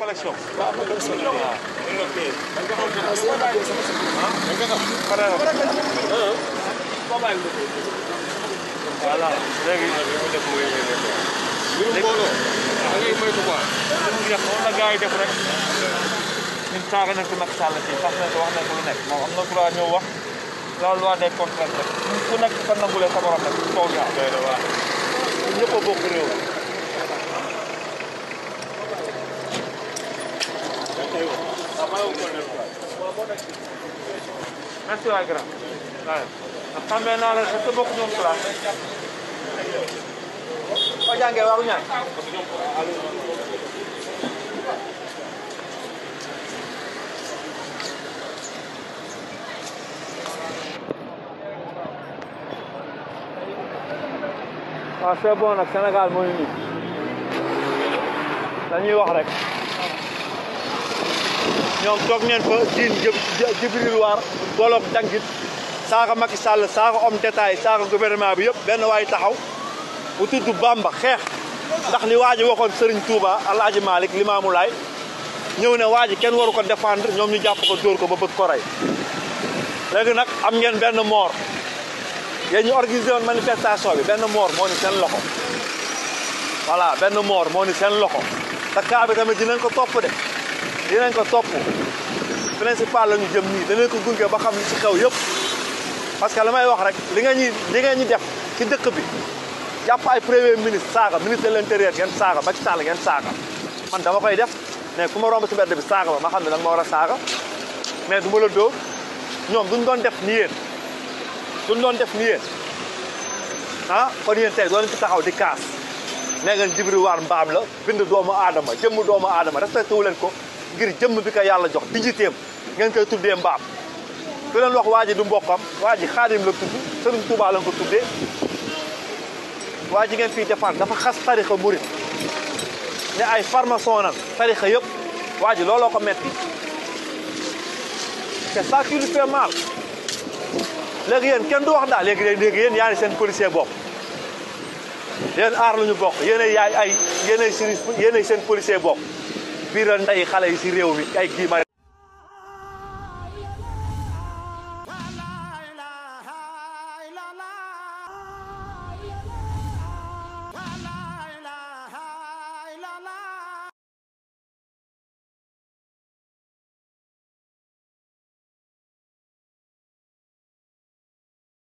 collection. waaw ma collection bi waaw. voilà léegi. léegi mbooloo. da ngay moytu quoi. ndax moom la gars yi def rek. ñun saaga nañ ko Macky Sall fii parce que wax nañ ko lu nekk moom am na droit ñëw wax la loi des contraintes rek ku nekk fa nangulee sa borom rek foofu ñëpp a bokk réew merci waay grand waaye ndax xamee naa la est-ce que bokk ñoom classe ko jàngee waaw ñaan waaw bon nag Sénégal mooy nii dañuy wax rek ñoom toog neen fa diin Djibril War booloog jàngit saaga Macky Sall saaga homme d'État yi saaga gouvernement bi yëpp benn waay taxaw bu tudd Bamba xeex ndax li waa ji waxoon Serigne Touba Alaaji Malick Limaamu Laay ñëw ne waaj kenn waru ko défendre ñoom ñu jàpp ko dóor ko ba bëgg ko rey léegi nag am ngeen benn moor yéen ñu organisé woon manifestation bi benn moor moo ni seen loxo voilà benn moor moo ni seen loxo te kaa bi tamit ko topp de dinañ ko topp principal la ñu jëm nii danañ ko gunge ba xam li ci xew yëpp parce que li may wax rek li nga ñuy li nga ñuy def ci dëkk bi jàpp ay premier ministre saaga ministre de l'intérieur ngeen saaga ba Sall ngeen saaga man dama koy def mais ku ma romb ci mbedd bi saaga ba ma xam ne da nga ma war a saaga mais du ma la dóor ñoom duñ doon def ni yéen duñ doon def ni yéen ah kon yéen tey doo leen ci taxaw di kaas nee ngeen Djibril War mbaam la bind doomu aadama jëmm doomu aadama respecté wu leen ko ngir jëmm bi ko yàlla jox digiteem ngeen koy tuddee mbaam ku leen wax waa ji du mbokkam waa ji xaadim la tudd sëriñ Tuubaa la ko tuddee waa ngeen fii defar dafa xas tarixa murit ne ay farmason nan tarixa yépp waa looloo ko metti c'est ça qui lui fait mal léegi yéen kenn du wax daal léegi léegi yéen yaa seen policier bopp yéen aar lu ñu bokk yéenay yaay ay yéenay seen policier boobu biiral ndey xale yi si réew mi ay Guy